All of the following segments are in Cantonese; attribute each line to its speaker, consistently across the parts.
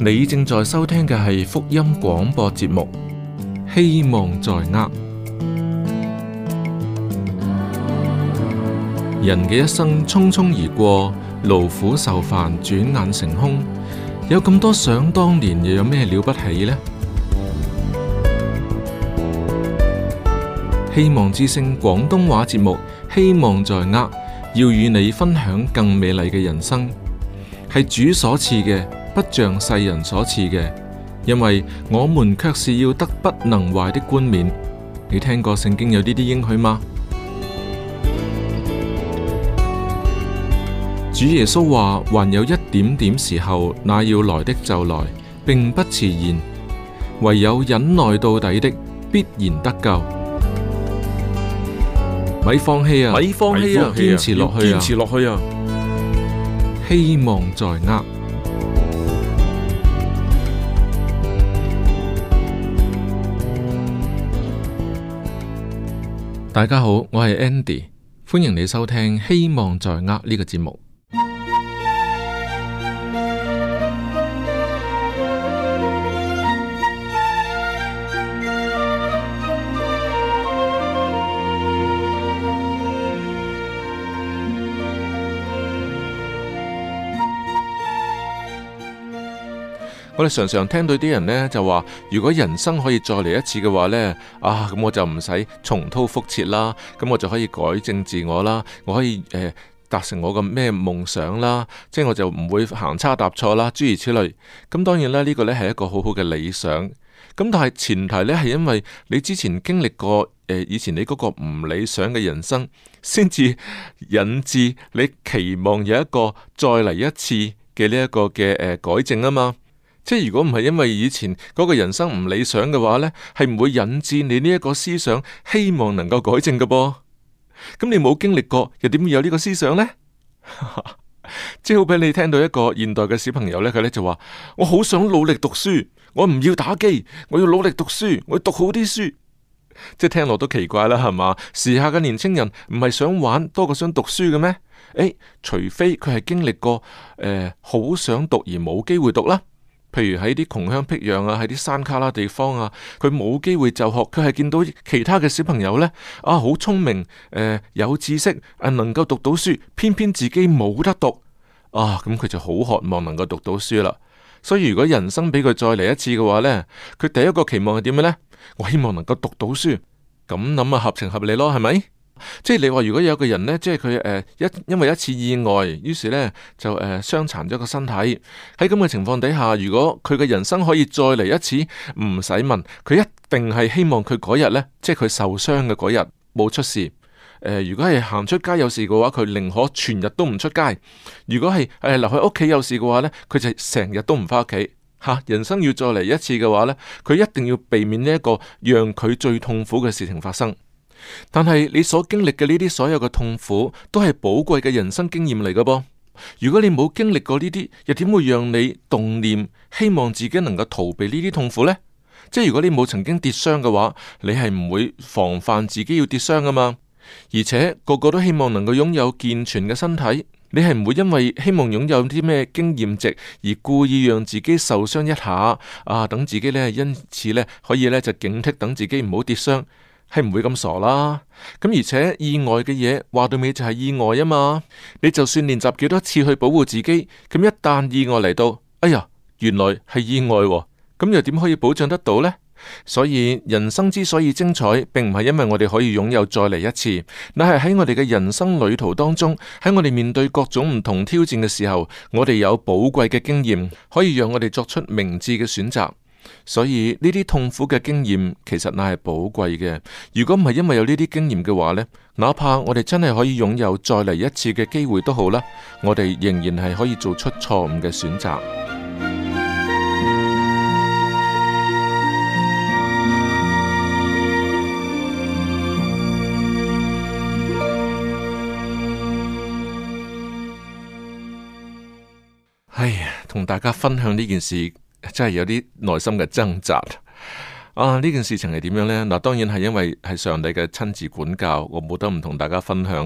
Speaker 1: 你正在收聽嘅係福音廣播節目，希望在握。人嘅一生匆匆而過，勞苦受煩，轉眼成空。有咁多想當年，又有咩了不起呢？希望之聲廣東話節目，希望在握，要與你分享更美麗嘅人生，係主所賜嘅。不像世人所賜嘅，因為我們卻是要得不能壞的冠冕。你聽過聖經有呢啲應許嗎？主耶穌話：還有一點點時候，那要來的就來，並不遲延。唯有忍耐到底的，必然得救。咪放棄啊！咪放棄啊！咪放棄啊！堅持落去啊！堅持落去啊！希望在握。大家好，我係 Andy，歡迎你收聽《希望在握》呢個節目。我哋常常聽到啲人呢，就話，如果人生可以再嚟一次嘅話呢，啊咁我就唔使重蹈覆轍啦，咁我就可以改正自我啦，我可以誒達成我個咩夢想啦，即係我就唔會行差踏錯啦，諸如此類。咁當然啦，呢個呢係一個好好嘅理想。咁但係前提呢係因為你之前經歷過誒，以前你嗰個唔理想嘅人生，先至引致你期望有一個再嚟一次嘅呢一個嘅誒改正啊嘛。即係如果唔係因為以前嗰個人生唔理想嘅話呢，係唔會引致你呢一個思想，希望能夠改正嘅噃。噉，咁你冇經歷過又點會有呢個思想呢？ 即好俾你聽到一個現代嘅小朋友呢，佢呢就話：我好想努力讀書，我唔要打機，我要努力讀書，我要讀好啲書。即係聽落都奇怪啦，係嘛？時下嘅年青人唔係想玩多過想讀書嘅咩？欸，除非佢係經歷過、呃、好想讀而冇機會讀啦。譬如喺啲窮鄉僻壤啊，喺啲山卡拉地方啊，佢冇機會就學，佢係見到其他嘅小朋友呢，啊，好聰明，呃，有知識，能夠讀到書，偏偏自己冇得讀，啊，咁佢就好渴望能夠讀到書啦。所以如果人生俾佢再嚟一次嘅話呢，佢第一個期望係點嘅呢？我希望能夠讀到書，咁諗啊，合情合理咯，係咪？即係你話，如果有個人呢，即係佢誒一因為一次意外，於是呢，就誒傷殘咗個身體。喺咁嘅情況底下，如果佢嘅人生可以再嚟一次，唔使問，佢一定係希望佢嗰日呢，即係佢受傷嘅嗰日冇出事。誒、呃，如果係行出街有事嘅話，佢寧可全日都唔出街；如果係誒、呃、留喺屋企有事嘅話呢，佢就成日都唔返屋企。吓，人生要再嚟一次嘅話呢，佢一定要避免呢一個讓佢最痛苦嘅事情發生。但係你所經歷嘅呢啲所有嘅痛苦，都係寶貴嘅人生經驗嚟嘅噃。如果你冇經歷過呢啲，又點會讓你動念希望自己能夠逃避呢啲痛苦呢？即係如果你冇曾經跌傷嘅話，你係唔會防範自己要跌傷噶嘛。而且個個都希望能夠擁有健全嘅身體，你係唔會因為希望擁有啲咩經驗值而故意讓自己受傷一下啊？等自己呢，因此呢，可以呢，就警惕，等自己唔好跌傷。係唔會咁傻啦，咁而且意外嘅嘢話到尾就係意外啊嘛，你就算練習幾多次去保護自己，咁一旦意外嚟到，哎呀，原來係意外，啊，咁又點可以保障得到呢？所以人生之所以精彩，並唔係因為我哋可以擁有再嚟一次，乃係喺我哋嘅人生旅途當中，喺我哋面對各種唔同挑戰嘅時候，我哋有寶貴嘅經驗，可以讓我哋作出明智嘅選擇。所以呢啲痛苦嘅經驗其實乃係寶貴嘅。如果唔係因為有呢啲經驗嘅話呢，哪怕我哋真係可以擁有再嚟一次嘅機會都好啦，我哋仍然係可以做出錯誤嘅選擇。哎呀，同大家分享呢件事。真係有啲內心嘅掙扎啊！呢件事情係點樣呢？嗱，當然係因為係上帝嘅親自管教，我冇得唔同大家分享。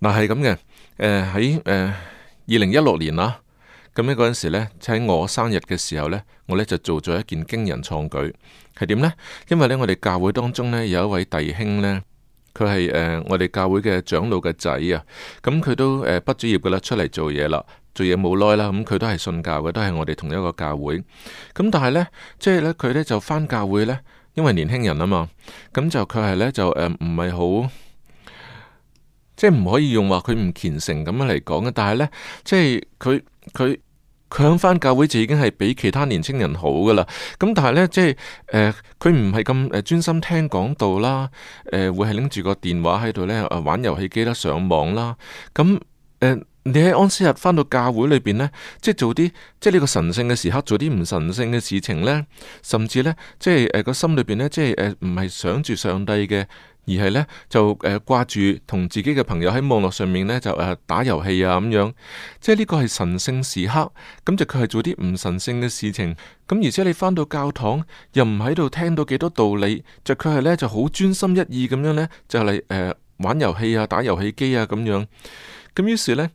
Speaker 1: 嗱，啊，係咁嘅，喺二零一六年啦，咁樣嗰陣時咧，喺我生日嘅時候呢，我呢就做咗一件驚人創舉，係點呢？因為呢，我哋教會當中呢，有一位弟兄呢，佢係誒我哋教會嘅長老嘅仔啊，咁佢都誒畢咗業噶啦，出嚟做嘢啦。做嘢冇耐啦，咁、嗯、佢都係信教嘅，都係我哋同一個教會。咁、嗯、但係呢，即係呢，佢呢就返教會呢，因為年輕人啊嘛，咁、嗯、就佢係呢，就唔係好，即係唔可以用話佢唔虔誠咁樣嚟講嘅。但係呢，即係佢佢佢喺返教會就已經係比其他年青人好噶啦。咁、嗯、但係呢，即係佢唔係咁誒專心聽講道啦，誒、呃、會係拎住個電話喺度呢，玩遊戲機啦、上網啦，咁、嗯呃你喺安息日翻到教會裏邊呢，即係做啲即係呢個神聖嘅時刻，做啲唔神聖嘅事情呢？甚至呢，即係誒個心裏邊呢，即係唔係想住上帝嘅，而係呢，就誒、呃、掛住同自己嘅朋友喺網絡上面呢，就、呃、打遊戲啊咁樣，即係呢個係神聖時刻，咁就佢係做啲唔神聖嘅事情，咁而且你翻到教堂又唔喺度聽到幾多道理，就佢、是、係呢就好專心一意咁樣呢，就嚟、是、誒、呃、玩遊戲啊打遊戲機啊咁樣，咁於是呢。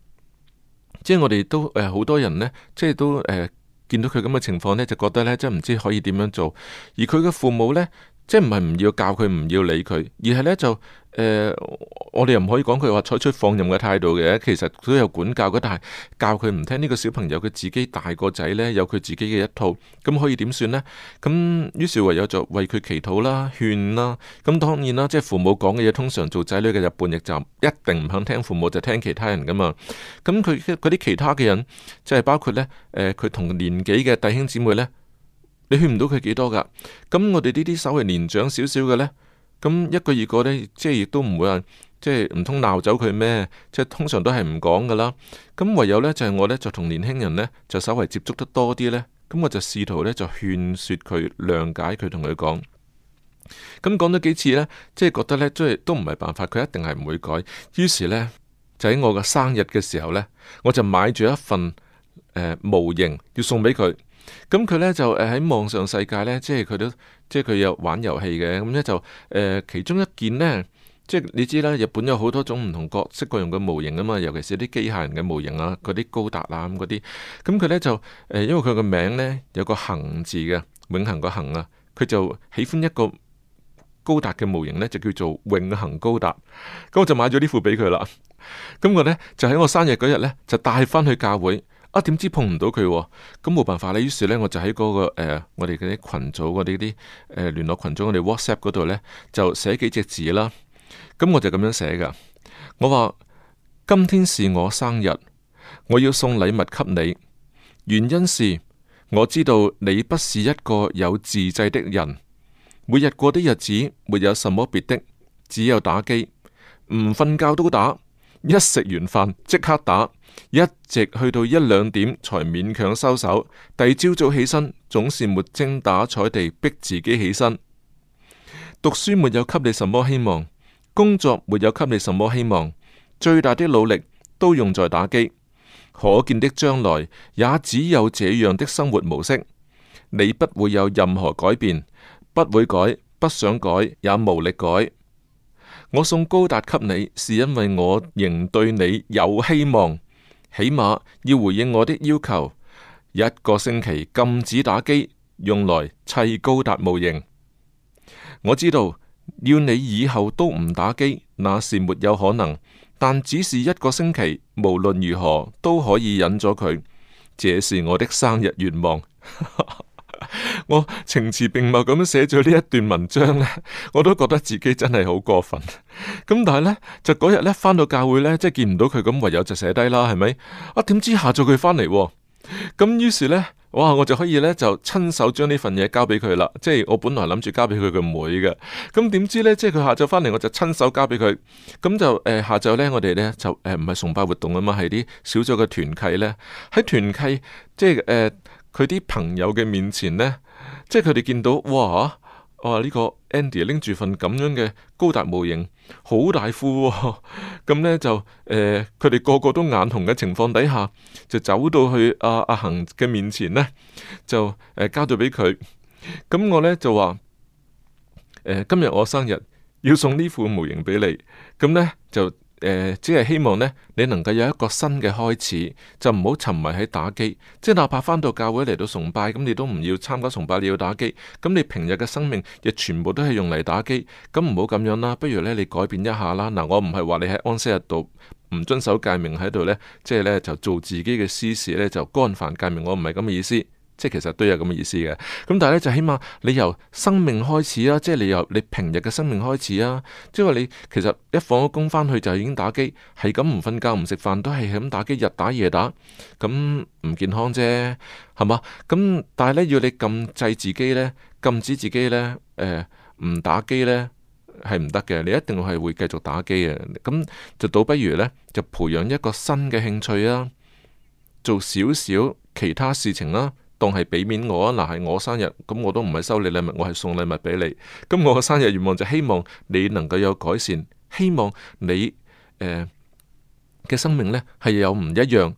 Speaker 1: 即係我哋都誒、呃、好多人呢，即係都誒、呃、見到佢咁嘅情況呢，就覺得呢，即係唔知可以點樣做。而佢嘅父母呢，即係唔係唔要教佢，唔要理佢，而係呢就。誒、呃，我哋又唔可以講佢話採取放任嘅態度嘅，其實佢都有管教嘅。但係教佢唔聽呢、這個小朋友，佢自己大個仔呢，有佢自己嘅一套，咁可以點算呢？咁於是唯有就為佢祈禱啦、勸啦。咁當然啦，即係父母講嘅嘢，通常做仔女嘅日半亦就一定唔肯聽父母，就聽其他人噶嘛。咁佢啲其他嘅人，即、就、係、是、包括呢，佢、呃、同年紀嘅弟兄姊妹呢，你勸唔到佢幾多噶？咁我哋呢啲稍微年長少少嘅呢。咁一個二個咧，即係亦都唔會話，即係唔通鬧走佢咩？即係通常都係唔講㗎啦。咁唯有咧就係我咧就同年輕人咧就稍微接觸得多啲咧，咁我就試圖咧就勸說佢，諒解佢，同佢講。咁講咗幾次咧，即係覺得咧即係都唔係辦法，佢一定係唔會改。於是咧就喺我嘅生日嘅時候咧，我就買咗一份誒模型要送俾佢。咁佢呢就誒喺網上世界呢，即係佢都即係佢有玩遊戲嘅，咁呢就誒、呃、其中一件呢，即係你知啦，日本有好多種唔同角色各樣嘅模型啊，尤其是啲機械人嘅模型啊，嗰啲高達啊咁嗰啲。咁佢呢就誒、呃，因為佢個名呢有個恆字嘅，永恆個恆啊，佢就喜歡一個高達嘅模型呢，就叫做永恆高達，咁我就買咗呢副俾佢啦。咁我呢就喺我生日嗰日呢，就帶翻去教會。啊！點知碰唔到佢咁冇辦法咧？於是、那個呃呃、呢、嗯，我就喺嗰個誒，我哋嗰啲群組嗰啲啲誒聯絡群組我哋 WhatsApp 嗰度呢，就寫幾隻字啦。咁我就咁樣寫噶。我話：今天是我生日，我要送禮物給你。原因是我知道你不是一個有自制的人，每日過的日子沒有什麼別的，只有打機，唔瞓覺都打。一食完飯即刻打，一直去到一兩點才勉強收手。第二朝早起身，總是沒精打采地逼自己起身。讀書沒有給你什麼希望，工作沒有給你什麼希望，最大的努力都用在打機。可見的將來也只有這樣的生活模式，你不會有任何改變，不會改，不想改，也無力改。我送高達給你，是因為我仍對你有希望，起碼要回應我的要求。一個星期禁止打機，用來砌高達模型。我知道要你以後都唔打機，那是沒有可能，但只是一個星期，無論如何都可以忍咗佢。這是我的生日願望。 我情詞並茂咁樣寫咗呢一段文章咧，我都覺得自己真係好過分。咁但係呢，就嗰日呢翻到教會呢，即係見唔到佢咁，唯有就寫低啦，係咪？啊，點知下晝佢返嚟，咁於是呢，哇，我就可以呢，就親手將呢份嘢交俾佢啦。即係我本來諗住交俾佢個妹嘅。咁點知呢？即係佢下晝返嚟，我就親手交俾佢。咁、嗯、就誒、呃，下晝呢，我哋呢，就誒唔係崇拜活動啊嘛，係啲小組嘅團契呢。喺團契即係誒。呃佢啲朋友嘅面前呢，即係佢哋見到哇！我呢、呢個 Andy 拎住份咁樣嘅高達模型，好大副喎、哦。咁、 嗯、呢，就誒，佢、呃、哋個個都眼紅嘅情況底下，就走到去阿阿恆嘅面前呢，就誒交咗畀佢。咁、呃嗯、我呢，就話、呃、今日我生日，要送呢副模型俾你。咁、嗯、呢，就。誒，只係、呃、希望咧，你能夠有一個新嘅開始，就唔好沉迷喺打機。即係哪怕返到教會嚟到崇拜，咁你都唔要參加崇拜，你要打機。咁你平日嘅生命亦全部都係用嚟打機，咁唔好咁樣啦。不如咧，你改變一下啦。嗱，我唔係話你喺安息日度唔遵守誡命，喺度呢，即係呢就做自己嘅私事呢就干犯誡命。我唔係咁嘅意思。即係其實都有咁嘅意思嘅，咁但係呢，就起碼你由生命開始啦，即係你由你平日嘅生命開始啊，即係話你其實一放咗工翻去就已經打機，係咁唔瞓覺唔食飯都係咁打機，日打夜打，咁唔健康啫，係嘛？咁但係呢，要你禁制自己呢，禁止自己呢，呃、唔打機呢，係唔得嘅，你一定係會繼續打機嘅，咁就倒不如呢，就培養一個新嘅興趣啊，做少少其他事情啦。當係俾面我啊，嗱，係我生日，咁我都唔係收你禮物，我係送禮物俾你。咁我嘅生日願望就希望你能夠有改善，希望你、呃、嘅生命呢係有唔一樣。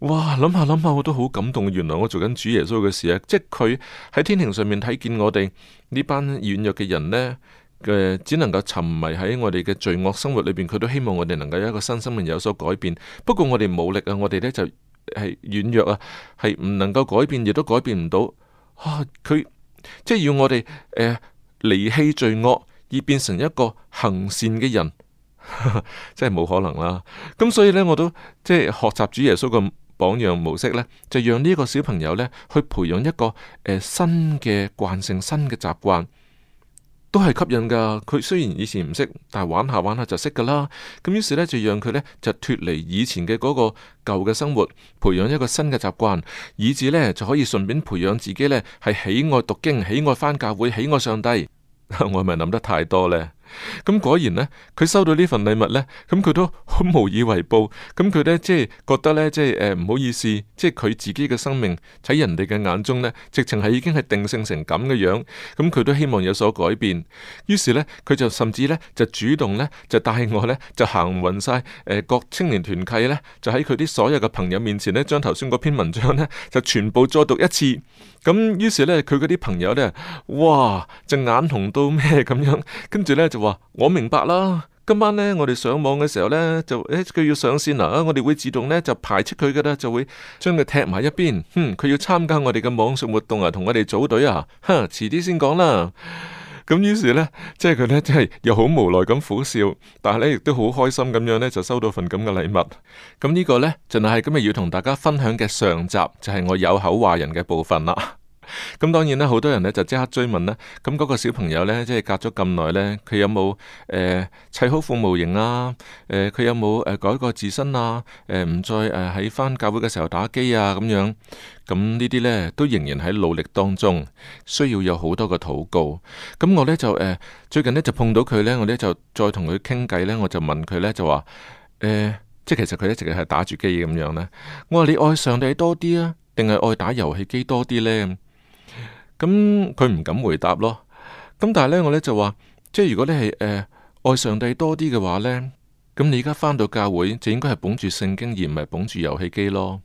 Speaker 1: 哇，諗下諗下，我都好感動。原來我做緊主耶穌嘅事啊！即係佢喺天庭上面睇見我哋呢班軟弱嘅人呢，嘅，只能夠沉迷喺我哋嘅罪惡生活裏邊，佢都希望我哋能夠有一個新生命，有所改變。不過我哋冇力啊，我哋呢就。係軟弱啊，係唔能夠改變，亦都改變唔到。啊，佢即係要我哋誒離棄罪惡，而變成一個行善嘅人，真係冇可能啦。咁所以呢，我都即係學習主耶穌嘅榜樣模式呢，就讓呢個小朋友呢去培養一個誒、呃、新嘅慣性、新嘅習慣。都係吸引噶，佢雖然以前唔識，但係玩下玩下就識噶啦。咁於是呢，就讓佢呢，就脫離以前嘅嗰個舊嘅生活，培養一個新嘅習慣，以至呢，就可以順便培養自己呢，係喜愛讀經、喜愛返教會、喜愛上帝。我係咪諗得太多呢？咁果然呢，佢收到呢份禮物呢，咁佢都好無以為報。咁佢呢，即係覺得呢，即係誒唔好意思，即係佢自己嘅生命喺人哋嘅眼中呢，直情係已經係定性成咁嘅樣。咁佢都希望有所改變。於是呢，佢就甚至呢，就主動呢，就帶我呢，就行匀晒各青年團契呢，就喺佢啲所有嘅朋友面前呢，將頭先嗰篇文章呢，就全部再讀一次。咁於是呢，佢嗰啲朋友呢，哇隻眼紅到咩咁樣，跟住呢。就話我明白啦，今晚呢，我哋上網嘅時候呢，就誒佢、欸、要上線啊，我哋會自動呢，就排斥佢噶啦，就會將佢踢埋一邊。哼，佢要參加我哋嘅網上活動啊，同我哋組隊啊，哼，遲啲先講啦。咁、嗯、於是呢，即係佢呢，即係又好無奈咁苦笑，但係咧亦都好開心咁樣呢，就收到份咁嘅禮物。咁、嗯、呢、這個呢，就係、是、今日要同大家分享嘅上集，就係、是、我有口話人嘅部分啦。咁當然啦，好多人呢就即刻追問啦。咁、嗯、嗰、那個小朋友呢，即係隔咗咁耐呢，佢有冇誒砌好副模型啊？誒、呃，佢有冇誒、呃，改過自身啊？誒、呃，唔再誒喺返教會嘅時候打機啊咁樣。咁呢啲呢都仍然喺努力當中，需要有好多嘅禱告。咁我呢就誒、呃、最近呢就碰到佢呢，我呢就再同佢傾偈呢，我就問佢呢就話，誒、呃，即係其實佢一直係打住機咁樣呢。我話你愛上帝多啲啊，定係愛打遊戲機多啲呢？」咁佢唔敢回答咯。咁但係呢，我呢就話，即係如果你係誒、呃、愛上帝多啲嘅話呢，咁你而家返到教會就應該係捧住聖經而唔係捧住遊戲機咯。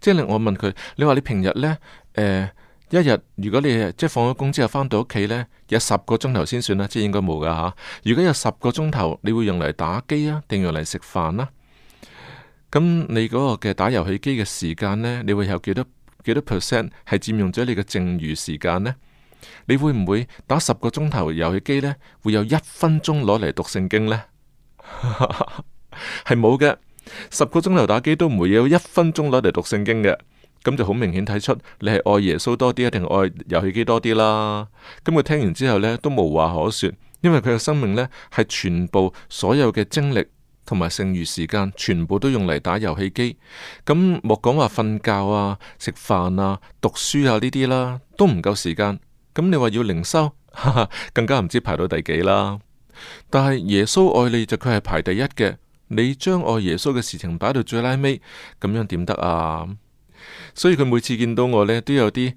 Speaker 1: 即係我問佢，你話你平日呢，呃、一日，如果你誒即係放咗工之後返到屋企呢，有十個鐘頭先算啦，即係應該冇噶吓。如果有十個鐘頭，你會用嚟打機啊，定用嚟食飯啦、啊？咁你嗰個嘅打遊戲機嘅時間呢，你會有幾多？幾多 percent 係佔用咗你嘅剩餘時間呢？你會唔會打十個鐘頭遊戲機呢？會有一分鐘攞嚟讀聖經呢？係冇嘅，十個鐘頭打機都唔會有一分鐘攞嚟讀聖經嘅。咁就好明顯睇出你係愛耶穌多啲啊，定愛遊戲機多啲啦。咁佢聽完之後呢都無話可說，因為佢嘅生命呢係全部所有嘅精力。同埋剩餘時間全部都用嚟打遊戲機，咁莫講話瞓覺啊、食飯啊、讀書啊呢啲啦，都唔夠時間。咁你話要靈修，更加唔知排到第幾啦。但係耶穌愛你就佢係排第一嘅，你將愛耶穌嘅事情擺到最拉尾，咁樣點得啊？所以佢每次見到我呢，都有啲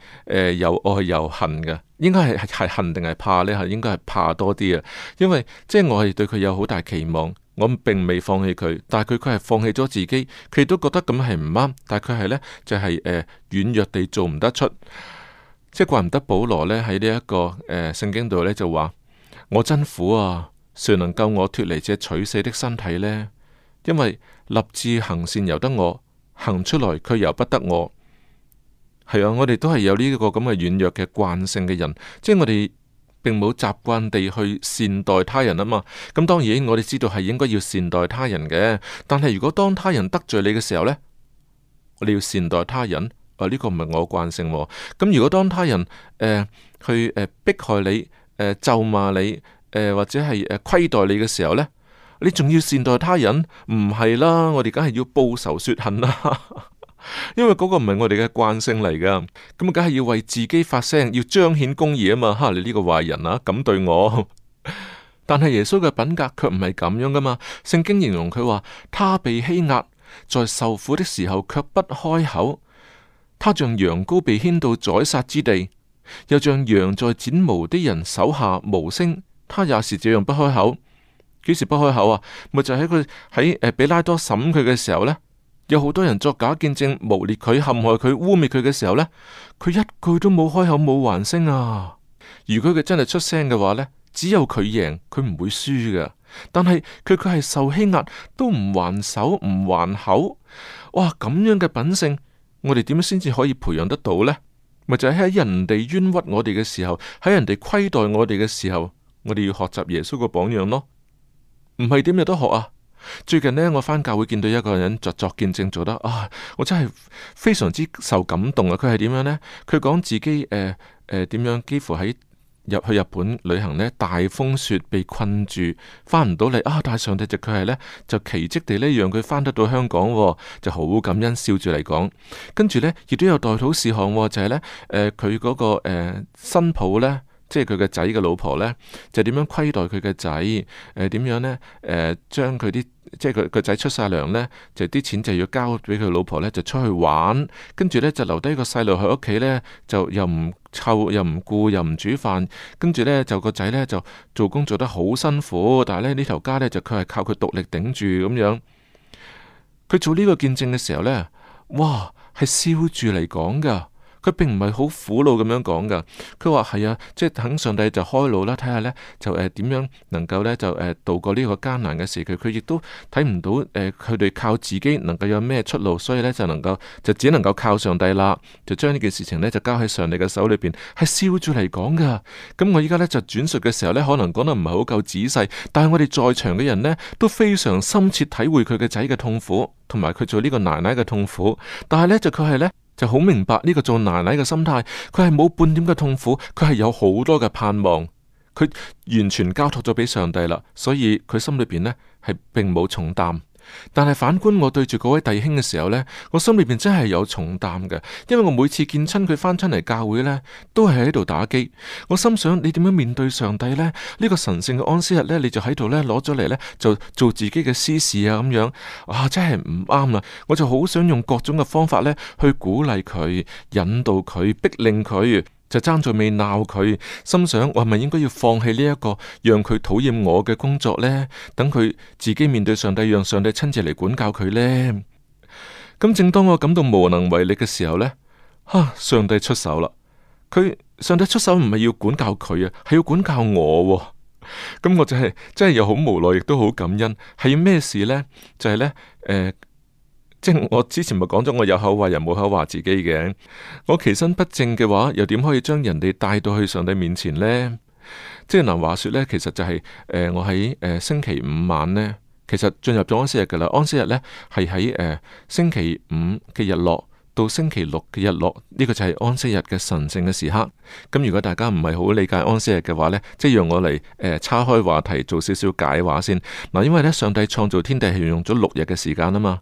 Speaker 1: 又、呃、愛又恨嘅，應該係係恨定係怕呢？吓，應該係怕多啲啊，因為即係、就是、我係對佢有好大期望。我並未放棄佢，但係佢佢係放棄咗自己，佢亦都覺得咁係唔啱，但係佢係呢，就係誒軟弱地做唔得出，即係怪唔得保羅呢喺呢一個誒聖經度呢，這個呃、就話我真苦啊，誰能救我脫離這取死的身體呢？因為立志行善由得我，行出來佢由不得我。係啊，我哋都係有呢、這、一個咁嘅軟弱嘅慣性嘅人，即係我哋。並冇習慣地去善待他人啊嘛，咁當然我哋知道係應該要善待他人嘅。但係如果當他人得罪你嘅時候呢，你要善待他人啊？呢個唔係我慣性喎、啊。咁如果當他人去誒迫害你、呃、咒罵你、呃、或者係誒虧待你嘅時候呢，你仲要善待他人？唔係啦，我哋梗係要報仇雪恨啦。 因為嗰個唔係我哋嘅慣性嚟噶咁梗係要為自己發聲，要彰顯公義啊嘛！哈，你呢個壞人啊，咁對我。 但係耶穌嘅品格卻唔係咁樣噶嘛？聖經形容佢話，他被欺壓，在受苦的時候卻不開口。他像羊羔被牽到宰殺之地，又像羊在剪毛的人手下無聲。他也是這樣不開口。幾時不開口啊？咪就喺佢喺誒，比拉多審佢嘅時候呢。有好多人作假見證、誣蔑佢、陷害佢、污蔑佢嘅時候呢，佢一句都冇開口冇還聲啊！如果佢真係出聲嘅話呢，只有佢贏，佢唔會輸㗎。但係佢佢係受欺壓都唔還手唔還口，哇！咁樣嘅品性，我哋點樣先至可以培養得到呢？咪就係、是、喺人哋冤屈我哋嘅時候，喺人哋虧待我哋嘅時候，我哋要學習耶穌個榜樣咯。唔係點有得學啊？最近呢，我翻教會見到一個人作作見證做得啊，我真係非常之受感動啊！佢係點樣呢？佢講自己誒誒點樣，幾乎喺入去日本旅行呢，大風雪被困住，翻唔到嚟啊！但係上帝就佢係呢，就奇跡地呢，讓佢翻得到香港，啊，就好感恩，笑住嚟講。跟住呢，亦都有代禱事項，啊，就係、是、呢，誒、呃，佢嗰，那個誒新抱呢。即係佢個仔嘅老婆呢，就點樣虧待佢個仔？誒、呃，點樣咧？將佢啲即係佢個仔出晒糧呢，就啲錢就要交俾佢老婆呢，就出去玩，跟住呢，就留低個細路喺屋企呢，就又唔湊又唔顧又唔煮飯，跟住呢，就個仔呢，就做工做得好辛苦，但係呢，呢頭家呢，就佢係靠佢獨力頂住咁樣。佢做呢個見證嘅時候呢，哇，係笑住嚟講噶。.佢並唔係好苦惱咁樣講噶，佢話係啊，即係等上帝就開路啦，睇下呢就誒點樣能夠呢，就誒渡、呃呃、過呢個艱難嘅時期。佢亦都睇唔到誒佢哋靠自己能夠有咩出路，所以呢，就能夠就只能夠靠上帝啦，就將呢件事情呢，就交喺上帝嘅手裏邊，係笑住嚟講噶。咁我依家呢，就轉述嘅時候呢，可能講得唔係好夠仔細，但係我哋在場嘅人呢，都非常深切體會佢個仔嘅痛苦同埋佢做呢個奶奶嘅痛苦，但係呢，就佢係呢。就好明白呢個做奶奶嘅心態，佢係冇半點嘅痛苦，佢係有好多嘅盼望，佢完全交託咗畀上帝啦，所以佢心裏邊呢係並冇重擔。但係反觀我對住嗰位弟兄嘅時候呢，我心裏邊真係有重擔嘅，因為我每次見親佢返親嚟教會呢，都係喺度打機。我心想你點樣面對上帝呢？呢個神聖嘅安息日呢，你就喺度咧攞咗嚟呢，就做自己嘅私事啊咁樣啊，真係唔啱啦！我就好想用各種嘅方法呢，去鼓勵佢、引導佢、逼令佢。就爭在未鬧佢，心想我係咪應該要放棄呢一個讓佢討厭我嘅工作呢？等佢自己面對上帝，讓上帝親自嚟管教佢呢？咁正當我感到無能為力嘅時候呢，哈、啊！上帝出手啦！佢上帝出手唔係要管教佢啊，係要管教我啊。咁我就係、是、真係又好無奈，亦都好感恩。係要咩事呢？就係、是、呢。呃即係我之前咪講咗，我有口話人，冇口話自己嘅。我其身不正嘅話，又點可以將人哋帶到去上帝面前呢？即係難話說呢，其實就係、是、誒、呃，我喺誒、呃、星期五晚呢，其實進入咗安息日噶啦。安息日呢，係喺誒星期五嘅日落。到星期六嘅日落，呢個就係安息日嘅神聖嘅時刻。咁如果大家唔係好理解安息日嘅話呢，即係讓我嚟誒，岔開話題做少少解話先嗱。因為呢，上帝創造天地係用咗六日嘅時間啊嘛，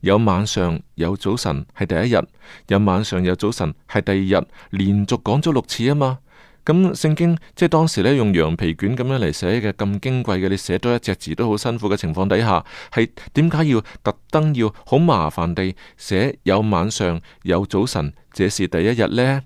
Speaker 1: 有晚上，有早晨係第一日，有晚上，有早晨係第二日，連續講咗六次啊嘛。咁聖經即係當時咧用羊皮卷咁樣嚟寫嘅，咁矜貴嘅，你寫多一隻字都好辛苦嘅情況底下，係點解要特登要好麻煩地寫？有晚上，有早晨，這是第一日咧？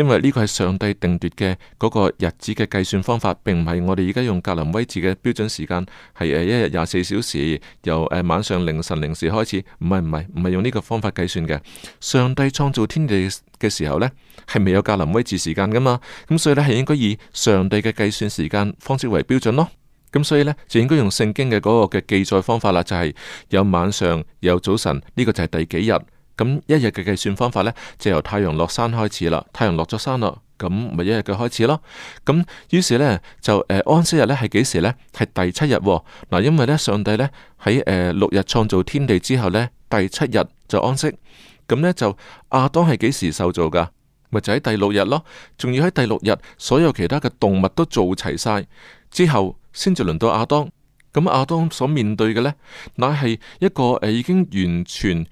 Speaker 1: 因為呢個係上帝定奪嘅嗰個日子嘅計算方法，並唔係我哋而家用格林威治嘅標準時間，係一日廿四小時，由晚上凌晨零時開始，唔係唔係唔係用呢個方法計算嘅。上帝創造天地嘅時候呢，係未有格林威治時間噶嘛，咁所以呢，係應該以上帝嘅計算時間方式為標準咯。咁所以呢，就應該用聖經嘅嗰個嘅記載方法啦，就係、是、有晚上有早晨，呢、這個就係第幾日。咁一日嘅計算方法呢，就由太陽落山開始啦。太陽落咗山啦，咁咪一日嘅開始咯。咁於是呢，就、嗯、安息日呢係幾時呢？係第七日嗱。哦，因為呢，上帝呢喺誒、呃、六日創造天地之後呢，第七日就安息。咁呢，就亞當係幾時受造噶？咪就喺第六日咯。仲要喺第六日，所有其他嘅動物都做齊晒之後，先至輪到亞當。咁亞當所面對嘅呢，乃係一個誒已經完全。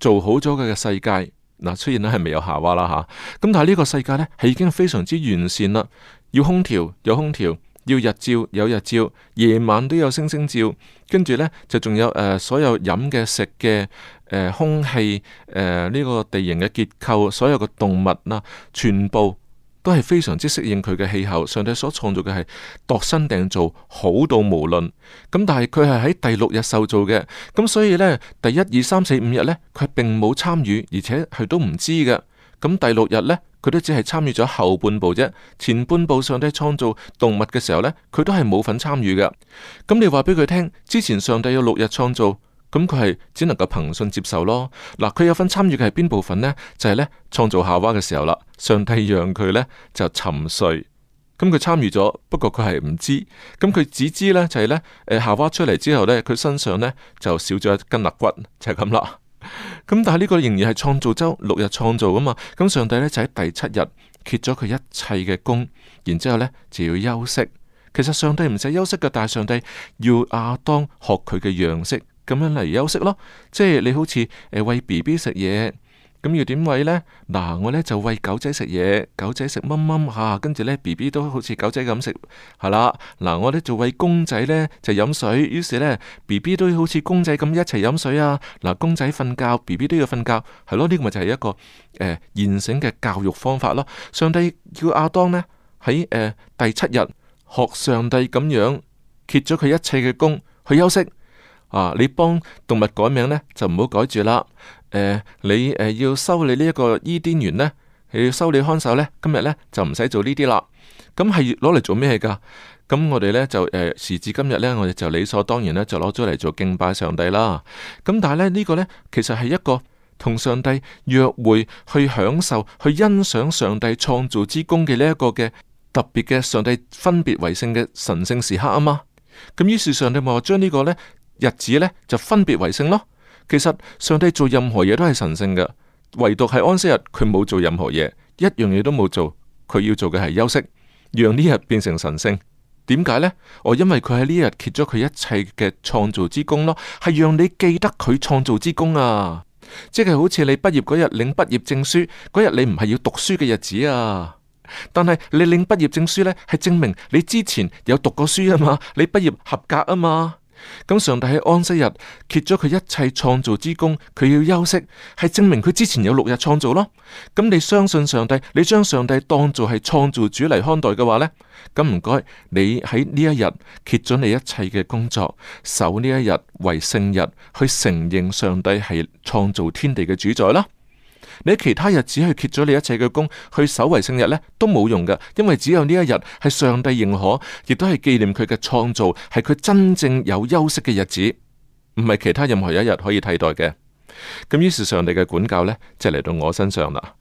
Speaker 1: 做好咗嘅世界，嗱，出現呢係未有下滑啦吓，咁但係呢個世界呢，係已經非常之完善啦，要空調有空調，要日照有日照，夜晚都有星星照，跟住呢，就仲有誒、呃、所有飲嘅食嘅誒、呃、空氣誒呢、呃這個地形嘅結構，所有嘅動物啦、呃，全部。都係非常之適應佢嘅氣候。上帝所創造嘅係度身訂造，好到無倫。咁但係佢係喺第六日受造嘅，咁所以呢，第一二三四五日呢，佢並冇參與，而且佢都唔知嘅。咁第六日呢，佢都只係參與咗後半部啫，前半部上帝創造動物嘅時候呢，佢都係冇份參與嘅。咁你話俾佢聽，之前上帝有六日創造。咁佢係只能夠憑信接受咯。嗱，佢有份參與嘅係邊部分呢？就係呢，創造夏娃嘅時候啦。上帝讓佢呢就沉睡，咁佢參與咗，不過佢係唔知。咁佢只知呢就係呢，夏娃出嚟之後呢，佢身上呢就少咗一根肋骨，就係咁啦。咁 但係呢個仍然係創造周六日創造啊嘛。咁上帝呢就喺第七日歇咗佢一切嘅工，然之後呢就要休息。其實上帝唔使休息嘅，但係上帝要亞當學佢嘅樣式。咁樣嚟休息咯，即係你好似餵 B B 食嘢，咁要點餵呢？嗱，我呢就餵狗仔食嘢，狗仔食蚊蚊。吓、啊，跟住呢 B B 都好似狗仔咁食係啦。嗱，我呢就餵公仔呢，就飲水，於是呢 B B 都好似公仔咁一齊飲水啊。嗱，公仔瞓覺，B B 都要瞓覺，係咯？呢、這個咪就係一個誒、呃、現成嘅教育方法咯。上帝叫阿當呢，喺、呃、第七日學上帝咁樣揭咗佢一切嘅功，去休息。啊！你幫動物改名呢，就唔好改住啦、呃。你誒、呃、要修理呢一個伊甸園你要修理看守呢，今日呢，就唔使做呢啲啦。咁係攞嚟做咩噶？咁我哋呢，就誒、呃、時至今日呢，我哋就理所當然呢，就攞咗嚟做敬拜上帝啦。咁但係呢、呢、這個呢，其實係一個同上帝約會去享受去欣賞上帝創造之功嘅呢一個嘅特別嘅上帝分別為聖嘅神聖時刻啊嘛。咁於是上帝話將呢個呢。日子呢，就分別為聖咯。其實上帝做任何嘢都係神聖嘅，唯獨係安息日，佢冇做任何嘢，一樣嘢都冇做。佢要做嘅係休息，讓呢日變成神聖。點解呢？我、哦、因為佢喺呢日揭咗佢一切嘅創造之功咯，係讓你記得佢創造之功啊。即係好似你畢業嗰日領畢業證書嗰日，你唔係要讀書嘅日子啊。但係你領畢業證書呢，係證明你之前有讀過書啊嘛，你畢業合格啊嘛。咁上帝喺安息日歇咗佢一切創造之工，佢要休息，係證明佢之前有六日創造咯。咁、嗯、你相信上帝，你將上帝當做係創造主嚟看待嘅話呢？咁唔該，你喺呢一日歇咗你一切嘅工作，守呢一日為聖日，去承認上帝係創造天地嘅主宰咯。你喺其他日子去揭咗你一切嘅工，去守為聖日呢都冇用嘅，因為只有呢一日係上帝認可，亦都係紀念佢嘅創造，係佢真正有休息嘅日子，唔係其他任何一日可以替代嘅。咁於是上帝嘅管教呢就嚟到我身上啦。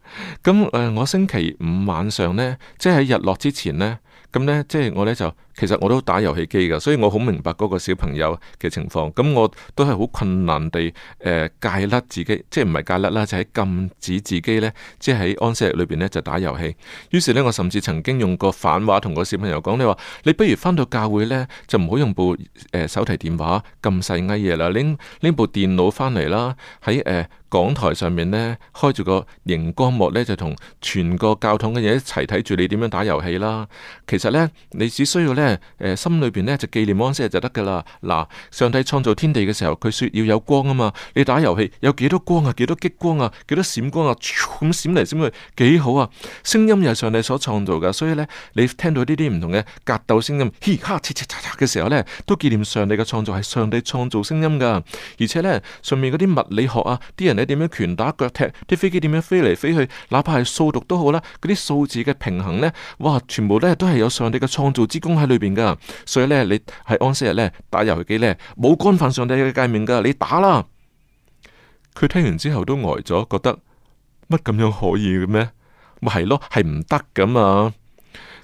Speaker 1: 咁，誒，我星期五晚上呢，即係喺日落之前呢。咁呢，即係我呢，就，其實我都打遊戲機噶，所以我好明白嗰個小朋友嘅情況。咁我都係好困難地，誒、呃、戒甩自己，即係唔係戒甩啦，就係禁止自己呢，即係喺安息日裏邊呢就打遊戲。於是呢，我甚至曾經用過反話同個小朋友講，你話你不如翻到教會呢，就唔好用部誒、呃、手提電話，咁細呓嘢啦，拎拎部電腦翻嚟啦，喺誒。呃講台上面呢，開住個熒光幕呢，就同全個教堂嘅人一齊睇住你點樣打遊戲啦。其實呢，你只需要呢，誒心裏邊呢，就紀念安息日就得噶啦。嗱，上帝創造天地嘅時候，佢說要有光啊嘛。你打遊戲有幾多光啊？幾多激光啊？幾多閃光啊？咁閃嚟閃去，幾好啊！聲音又係上帝所創造噶，所以呢，你聽到呢啲唔同嘅格鬥聲音，嘻哈切切嚓嚓嘅時候呢，都紀念上帝嘅創造係上帝創造聲音噶。而且呢，上面嗰啲物理學啊，啲人。你點樣拳打腳踢？啲飛機點樣飛嚟飛去？哪怕係掃毒都好啦，嗰啲數字嘅平衡呢？哇，全部呢都係有上帝嘅創造之功喺裏邊噶。所以呢，你喺安息日呢打遊戲機呢，冇干犯上帝嘅誡命噶，你打啦。佢聽完之後都呆咗，覺得乜咁樣可以嘅咩？咪係咯，係唔得噶嘛？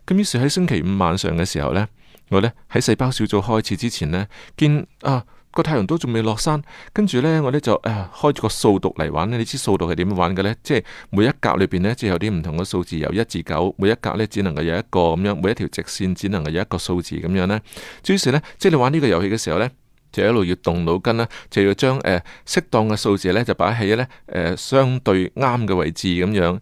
Speaker 1: 咁於是喺星期五晚上嘅時候呢，我呢喺細胞小組開始之前呢見啊。個太陽都仲未落山，跟住呢，我呢就誒開住個數獨嚟玩咧。你知數獨係點樣玩嘅呢？即係每一格裏邊呢，即係有啲唔同嘅數字，由一至九。每一格呢，只能夠有一個咁樣，每一條直線只能夠有一個數字咁樣呢。於是呢，即係你玩呢個遊戲嘅時候呢，就一路要動腦筋啦，就要將誒適當嘅數字呢，就擺喺呢誒相對啱嘅位置咁樣。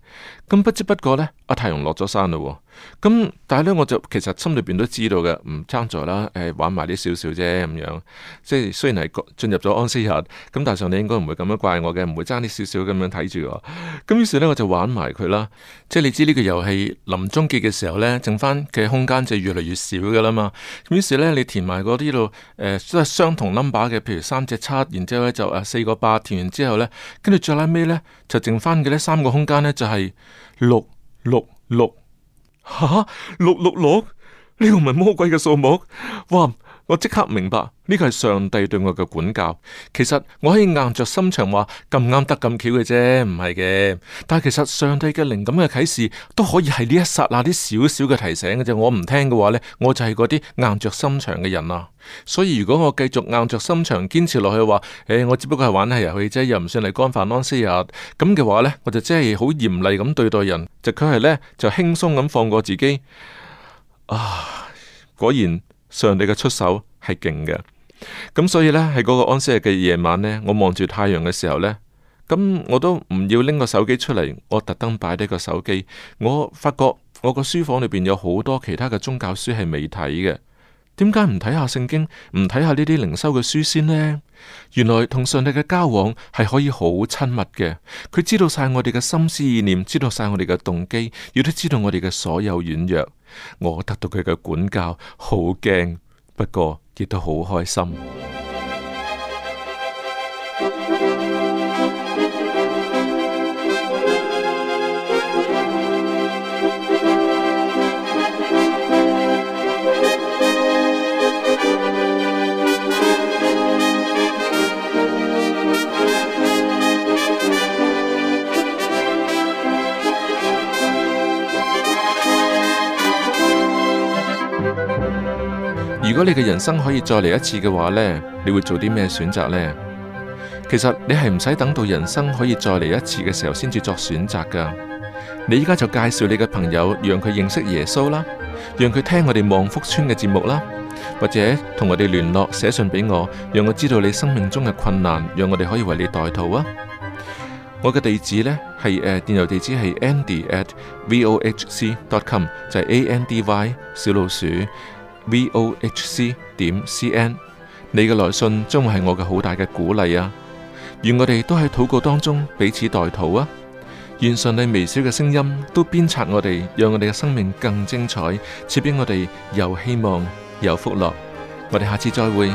Speaker 1: 咁不知不覺呢，阿太陽落咗山咯，喔。咁但係呢，我就其實心裏邊都知道嘅，唔爭在啦。誒、欸，玩埋啲少少啫，咁樣。即係雖然係進入咗安息日，咁但係上帝應該唔會咁樣怪我嘅，唔會爭啲少少咁樣睇住我。咁於是呢，我就玩埋佢啦。即係你知呢個遊戲臨終結嘅時候呢，剩翻嘅空間就越嚟越少噶啦嘛。咁於是呢，你填埋嗰啲度誒，即、呃、係相同 number 嘅，譬如三隻七，然之後呢就誒四個八填完之後呢，跟住再拉尾呢。就剩翻嘅呢三個空間呢，就係六六六。吓？六六六？呢個唔係魔鬼嘅數目？哇！我即刻明白呢個係上帝對我嘅管教。其實我可以硬着心腸話咁啱得咁巧嘅啫，唔係嘅。但係其實上帝嘅靈感嘅啟示都可以係呢一剎那啲小小嘅提醒嘅啫。我唔聽嘅話呢，我就係嗰啲硬着心腸嘅人啦。所以如果我繼續硬着心腸堅持落去話，誒、欸，我只不過係玩下遊戲啫，又唔算係干犯安息日咁嘅話呢，我就真係好嚴厲咁對待人，就佢係呢，就輕鬆咁放過自己。啊，果然。上帝嘅出手係勁嘅，咁所以呢，喺嗰個安息日嘅夜晚呢，我望住太陽嘅時候呢，咁我都唔要拎個手機出嚟，我特登擺低個手機，我發覺我個書房裏邊有好多其他嘅宗教書係未睇嘅。點解唔睇下聖經，唔睇下呢啲靈修嘅書先呢？原來同上帝嘅交往係可以好親密嘅。佢知道晒我哋嘅心思意念，知道晒我哋嘅動機，亦都知道我哋嘅所有軟弱。我得到佢嘅管教，好驚，不過亦都好開心。如果你嘅人生可以再嚟一次嘅話呢，你會做啲咩選擇呢？其實你係唔使等到人生可以再嚟一次嘅時候先至作選擇噶。你依家就介紹你嘅朋友，讓佢認識耶穌啦，讓佢聽我哋望福村嘅節目啦，或者同我哋聯絡，寫信俾我，讓我知道你生命中嘅困難，讓我哋可以為你代禱啊。我嘅地址呢係誒，電郵地址係 andy@vohc.com，就係 andy 小老鼠。vohc 點 cn，你嘅來信將會係我嘅好大嘅鼓勵啊！願我哋都喺禱告當中彼此代禱啊！願上帝微小嘅聲音都鞭策我哋，讓我哋嘅生命更精彩，賜俾我哋有希望、有福樂。我哋下次再會。